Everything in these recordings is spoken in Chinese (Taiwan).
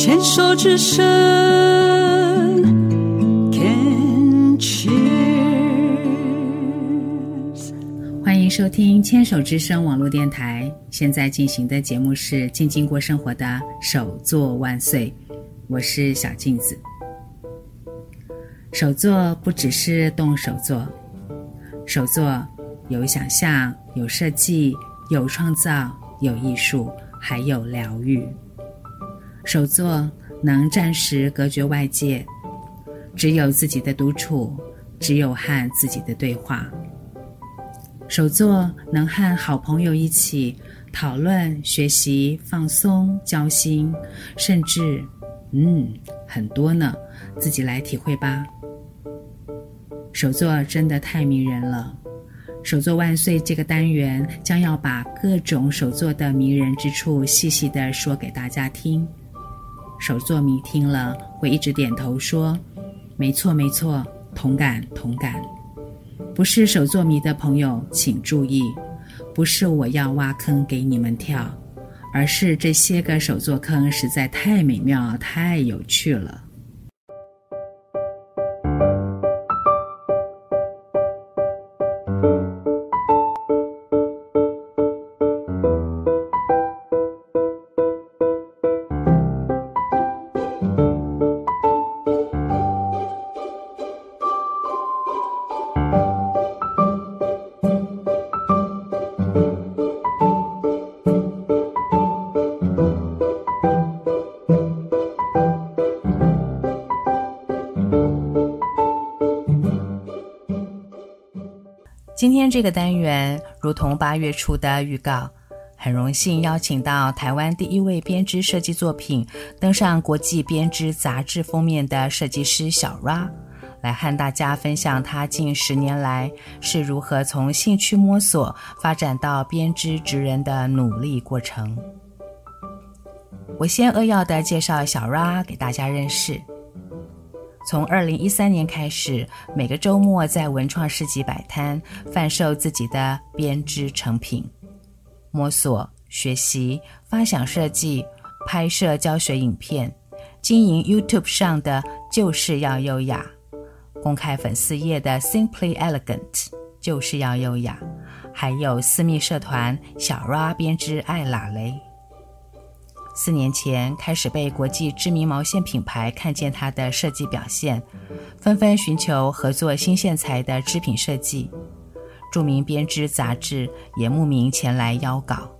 牽手之聲，Can Cheers，歡迎收聽牽手之聲網絡電台。現在進行的節目是《靜靜過生活》的手作萬歲，我是小鏡子。手作不只是動手做，手作有想象，有設計，有創造，有藝術，還有療癒。手作能暫時隔絕外界，只有自己的獨處，只有和自己的對話。手作能和好朋友一起討論、學習、放鬆、交心，甚至嗯，很多呢，自己來體會吧。手作真的太迷人了，手作萬歲！這個單元將要把各種手作的迷人之處細細的說給大家聽。手作迷聽了會一直點頭說：“沒錯，沒錯，同感，同感。”不是手作迷的朋友請注意，不是我要挖坑給你們跳，而是這些個手作坑實在太美妙，太有趣了。今天這個單元，如同八月初的預告，很榮幸邀請到台灣第一位編織設計作品登上國際編織雜誌封面的設計師小 Ra，來和大家分享他近十年來是如何從興趣摸索發展到編織職人的努力過程。我先扼要的介紹小 Ra 給大家認識。從二零一三年開始，每個周末在文創市集擺攤販售自己的編織成品，摸索、學習、發想設計、拍攝教學影片，經營 YouTube 上的就是要優雅，公開粉絲頁的 Simply Elegant 就是要優雅，還有私密社團小 Ra 編織愛拉蕾。四年前開始被國際知名毛線品牌看見他的設計表現，紛紛尋求合作新線材的織品設計，著名編織雜誌也慕名前來邀稿。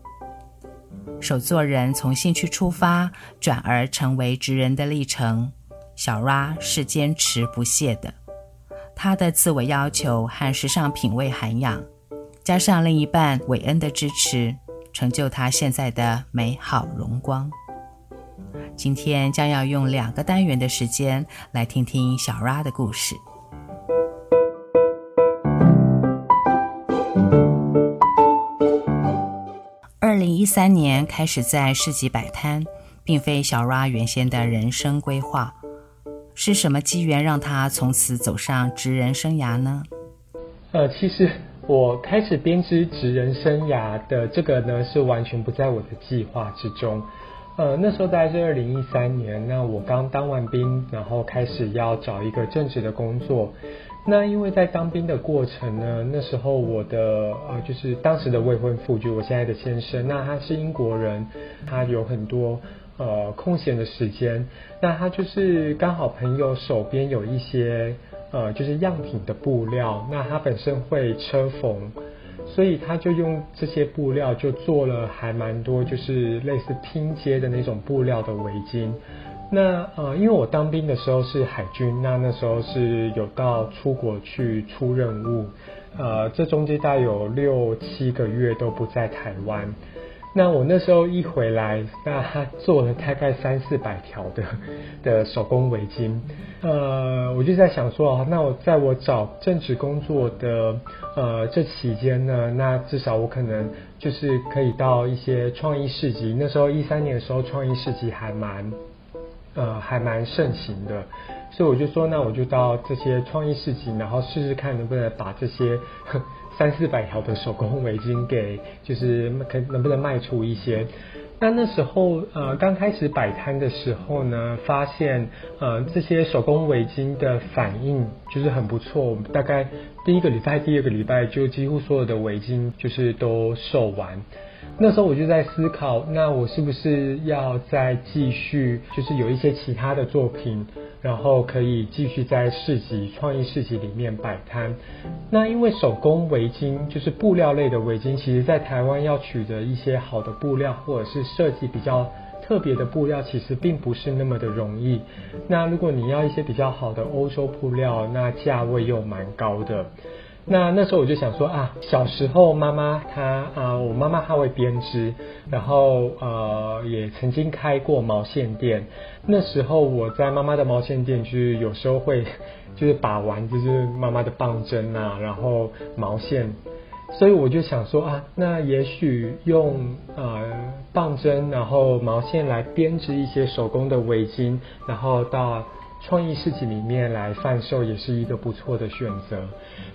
手作人從興趣出發，轉而成為職人的歷程，小 Ra 是堅持不懈的。他的自我要求和時尚品味涵養，加上另一半韋恩的支持。成就他現在的美好榮光。今天將要用兩個單元的時間來聽聽小 R 的故事。二零一三年開始在市集擺攤，並非小 R 原先的人生規劃。是什麼機緣讓他從此走上職人生涯呢？呃，其實。我開始編織職人生涯的這個呢，是完全不在我的計劃之中。呃，那時候大概是二零一三年，那我剛當完兵，然後開始要找一個正職的工作。那因為在當兵的過程呢，那時候我的呃，就是當時的未婚夫，就我現在的先生，那他是英國人，他有很多呃空閒的時間，那他就是剛好朋友手邊有一些。呃，就是樣品的布料，那它本身會車縫，所以他就用這些布料就做了還蠻多，就是類似拼接的那種布料的圍巾。那呃，因為我當兵的時候是海軍，那那時候是有到出國去出任務，呃，這中間大概有六七個月都不在台灣。那我那時候一回來，那他做了大概三四百條的的手工圍巾，呃，我就在想說，那我在我找正職工作的呃這期間呢，那至少我可能就是可以到一些創意市集。那時候一三年的時候，創意市集還蠻呃還蠻盛行的，所以我就說，那我就到這些創意市集，然後試試看能不能把這些。三四百條的手工圍巾給就是能不能賣出一些，那那時候呃剛開始擺攤的時候呢，發現呃這些手工圍巾的反應就是很不錯，大概第一個禮拜第二個禮拜就幾乎所有的圍巾就是都售完，那時候我就在思考，那我是不是要再繼續就是有一些其他的作品。然後可以繼續在市集、創意市集裡面擺攤。那因為手工圍巾，就是布料類的圍巾，其實在台灣要取得一些好的布料，或者是設計比較特別的布料，其實並不是那麼的容易。那如果你要一些比較好的歐洲布料，那價位又蠻高的。那那時候我就想說啊，小時候媽媽她啊，我媽媽她會編織，然後呃也曾經開過毛線店。那時候我在媽媽的毛線店就是，有時候會就是把玩，就是媽媽的棒針啊，然後毛線。所以我就想說啊，那也許用呃棒針，然後毛線來編織一些手工的圍巾，然後到。創意市集裡面來販售也是一個不錯的選擇，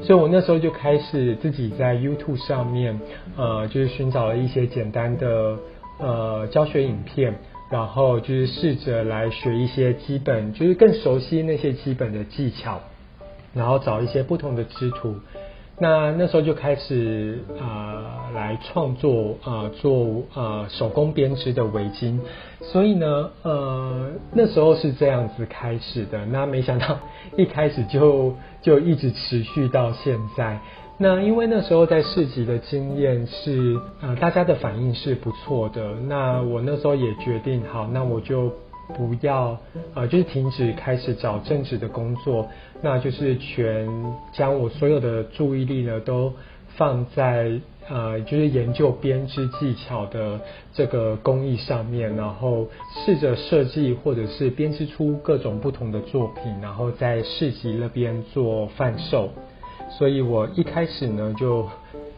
所以我那時候就開始自己在 YouTube 上面，呃，就是尋找了一些簡單的呃教學影片，然後就是試着來學一些基本，就是更熟悉那些基本的技巧，然後找一些不同的織圖。那那時候就開始啊、呃，來創作啊、呃，做啊、呃、手工編織的圍巾。所以呢，呃，那時候是這樣子開始的。那沒想到一開始就就一直持續到現在。那因為那時候在市集的經驗是，呃，大家的反應是不錯的。那我那時候也決定，好，那我就。不要啊、呃，就是停止開始找正職的工作，那就是全將我所有的注意力呢都放在呃，就是研究編織技巧的這個工藝上面，然後試着設計或者是編織出各種不同的作品，然後在市集那邊做販售。所以我一開始呢就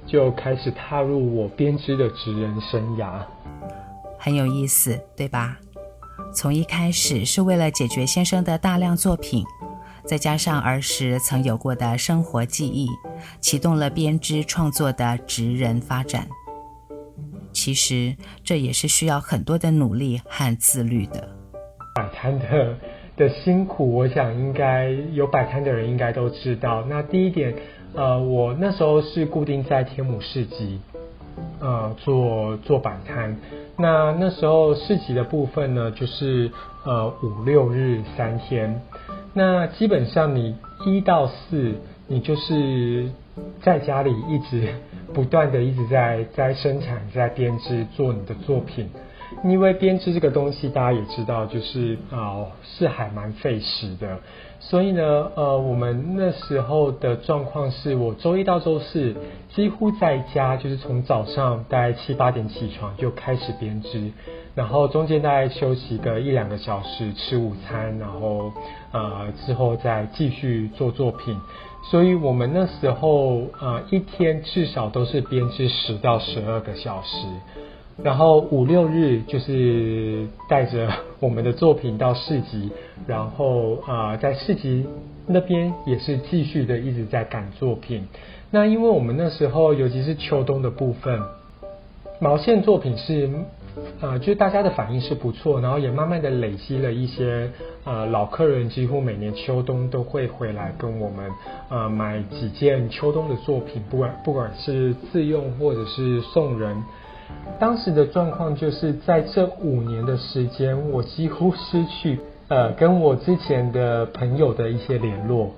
就開始踏入我編織的職人生涯，很有意思，對吧？從一開始是為了解決先生的大量作品，再加上兒時曾有過的生活記憶，啟動了編織創作的職人發展。其實這也是需要很多的努力和自律的。擺攤的的辛苦，我想應該有擺攤的人應該都知道。那第一點，呃，我那時候是固定在天母市集，呃，做做擺攤。那那時候市集的部分呢，就是呃五六日，三天，那基本上你一到四，你就是在家裡一直不斷的一直在在生產，在編織做你的作品。因為編織這個東西，大家也知道，就是啊、呃、是還蠻費時的，所以呢，呃，我們那時候的狀況是，我周一到周四幾乎在家，就是從早上大概七八點起床就開始編織，然後中間大概休息個一兩個小時吃午餐，然後呃之後再繼續做作品，所以我們那時候呃一天至少都是編織十到十二個小時。然後五六日，就是帶着我們的作品到市集，然後啊、呃、在市集那邊也是繼續的一直在趕作品。那因為我們那時候尤其是秋冬的部分，毛線作品是啊、呃，就是大家的反應是不錯，然後也慢慢的累積了一些呃老客人，幾乎每年秋冬都會回來跟我們啊、呃，買幾件秋冬的作品，不管不管是自用或者是送人。當時的狀況就是，在這五年的時間，我幾乎失去，呃，跟我之前的朋友的一些聯絡。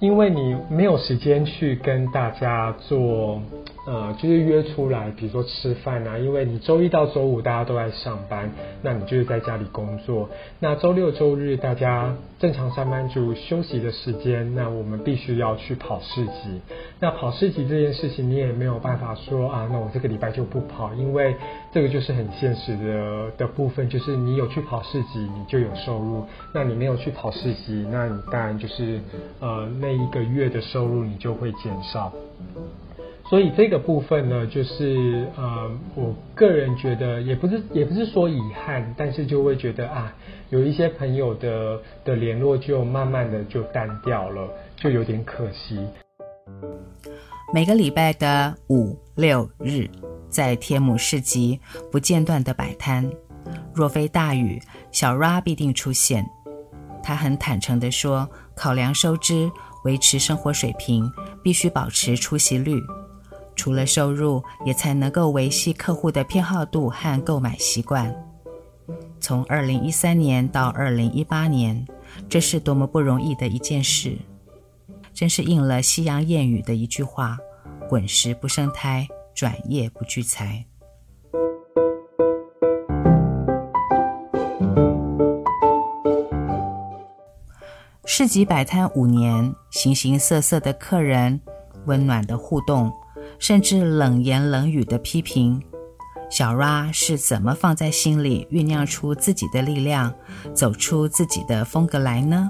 因為你沒有時間去跟大家做，呃，就是約出來，比如說吃飯啊。因為你周一到周五大家都在上班，那你就是在家裡工作。那周六周日大家正常上班族休息的時間，那我們必須要去跑市集。那跑市集這件事情，你也沒有辦法說啊，那我這個禮拜就不跑，因為。這個就是很現實的的部分，就是你有去跑市集，你就有收入；那你沒有去跑市集，那你當然就是呃，那一個月的收入你就會減少。所以這個部分呢，就是呃，我個人覺得也不是也不是說遺憾，但是就會覺得啊，有一些朋友的的聯絡就慢慢的就淡掉了，就有點可惜。每個禮拜的五六日。在天母市集不間斷的擺攤，若非大雨，小 Ra 必定出現。他很坦誠地說：“考量收支，維持生活水平，必須保持出席率。除了收入，也才能夠維繫客戶的偏好度和購買習慣。”從2013年到2018年，這是多麼不容易的一件事！真是應了西洋諺語的一句話：“滾石不生苔。”轉業不聚財。市集擺攤五年，形形色色的客人，溫暖的互動，甚至冷言冷語的批評，小 Ra 是怎麼放在心裡，醞釀出自己的力量，走出自己的風格來呢？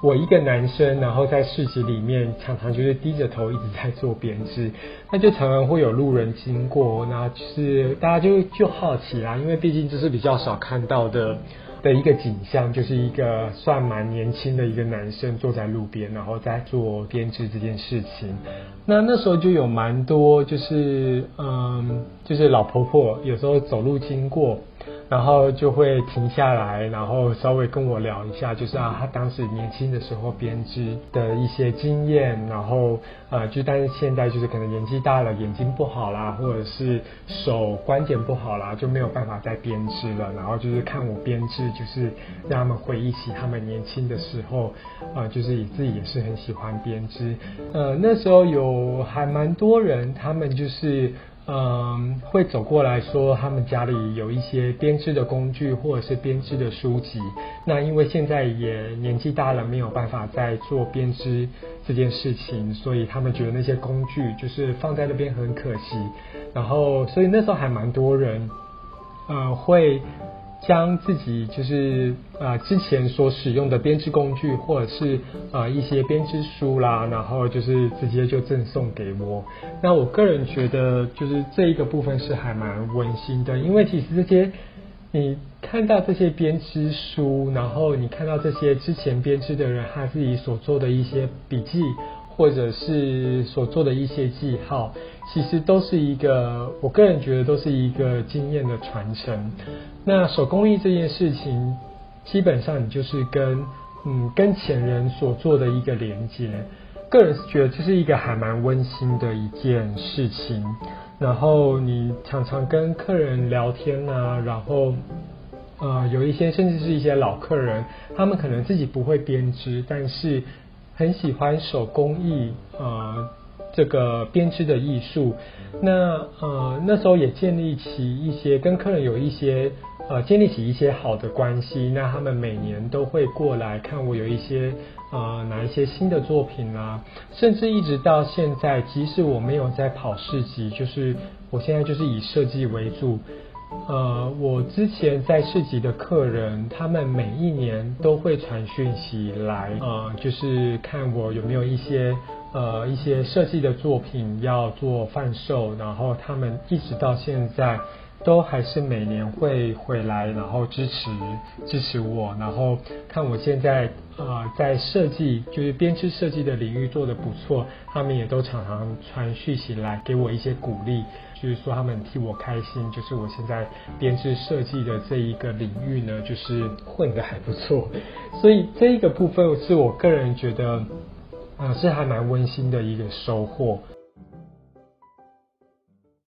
我一個男生，然後在市集裡面常常就是低着頭一直在做編織，那就常常會有路人經過，那就是大家就就好奇啦、啊，因為畢竟這是比較少看到的的一個景象，就是一個算蠻年輕的一個男生坐在路邊，然後在做編織這件事情。那那時候就有蠻多，就是嗯，就是老婆婆有時候走路經過。然後就會停下來，然後稍微跟我聊一下，就是啊，他當時年輕的時候編織的一些經驗，然後呃，就但是現在就是可能年紀大了，眼睛不好啦，或者是手關節不好啦，就沒有辦法再編織了。然後就是看我編織，就是讓他們回憶起他們年輕的時候，啊、呃，就是也，自己也是很喜歡編織，呃，那時候有還蠻多人，他們就是。嗯，會走過來說，他們家裡有一些編織的工具，或者是編織的書籍。那因為現在也年紀大了，沒有辦法再做編織這件事情，所以他們覺得那些工具就是放在那邊很可惜。然後，所以那時候還蠻多人，呃，會。將自己就是啊、呃、之前所使用的編織工具，或者是啊、呃、一些編織書啦，然後就是直接就贈送給我。那我個人覺得就是這一個部分是還蠻溫馨的，因為其實這些你看到這些編織書，然後你看到這些之前編織的人他自己所做的一些筆記。或者是所做的一些記號，其實都是一個，我個人覺得都是一個經驗的傳承。那手工藝這件事情，基本上你就是跟嗯跟前人所做的一個連接。個人覺得這是一個還蠻溫馨的一件事情。然後你常常跟客人聊天啊，然後呃有一些甚至是一些老客人，他們可能自己不會編織，但是，很喜歡手工藝呃這個編織的藝術。那呃那時候也建立起一些跟客人有一些呃建立起一些好的關係。那他們每年都會過來看我有一些呃哪一些新的作品啊，甚至一直到現在，即使我沒有在跑市集，就是我現在就是以設計為主。呃，我之前在市集的客人，他們每一年都會傳訊息來，呃，就是看我有沒有一些，呃，一些設計的作品要做販售，然後他們一直到現在，都還是每年會回來，然後支持支持我，然後看我現在呃在設計，就是編織設計的領域做得不錯，他們也都常常傳訊息來給我一些鼓勵，就是說他們替我開心，就是我現在編織設計的這一個領域呢，就是混得還不錯，所以這一個部分是我個人覺得啊、呃、是還蠻溫馨的一個收穫。